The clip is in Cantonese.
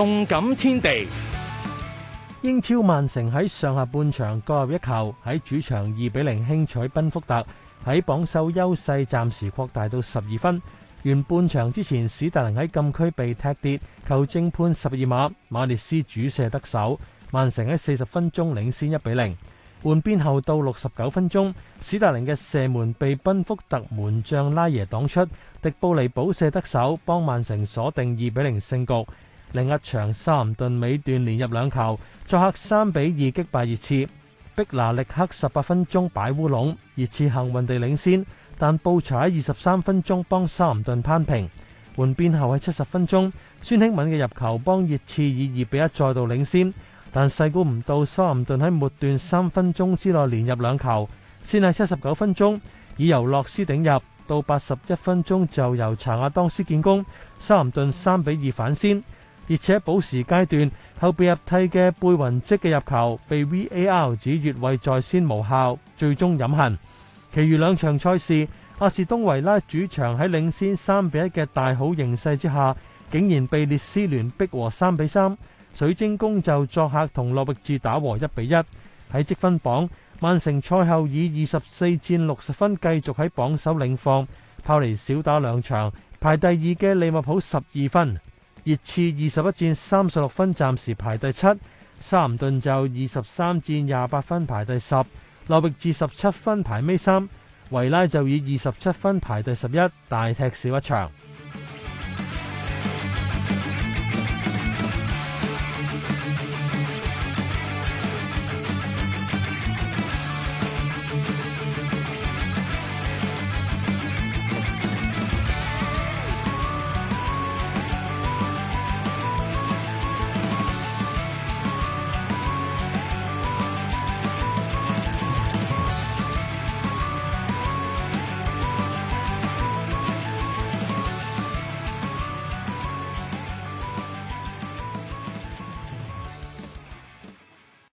動感天地，英超曼城喺上下半場各入一球，喺主場二比零輕取賓福特，喺榜首優勢暫時擴大到十二分。完半場之前，史達林喺禁區被踢跌，球證判十二碼，馬列斯主射得手，曼城喺四十分鐘領先一比零。換邊後到六十九分鐘，史達林嘅射門被賓福特門將拉耶擋出，迪布尼補射得手，幫曼城鎖定二比零勝局。另一場，修咸頓尾段連入兩球，作客三比二擊敗熱刺。碧拿力克十八分鐘擺烏龍，熱刺幸運地領先。但布查喺二十三分鐘幫修咸頓攀平。換邊後喺七十分鐘，孫興慜嘅入球幫熱刺以二比一再度領先。但細估唔到修咸頓喺末段三分鐘之內連入兩球。先係七十九分鐘，以由洛斯頂入；到八十一分鐘就由查亞當斯建功，修咸頓三比二反先。而且補時階段後備入替嘅貝雲積嘅入球被 VAR 指越位在先無效，最終飲恨。其餘兩場賽事，阿士東維拉主場喺領先三比一嘅大好形勢之下，竟然被列斯聯逼和三比三。水晶宮就作客同諾域治打和一比一。喺積分榜，曼城賽後以二十四戰六十分繼續喺榜首領放，拋離少打兩場排第二嘅利物浦十二分。熱刺二十一戰三十六分，暫時排第七；修咸頓就二十三戰廿八分排第十；諾域治十七分排尾三；維拉就以二十七分排第十一大踢少一場。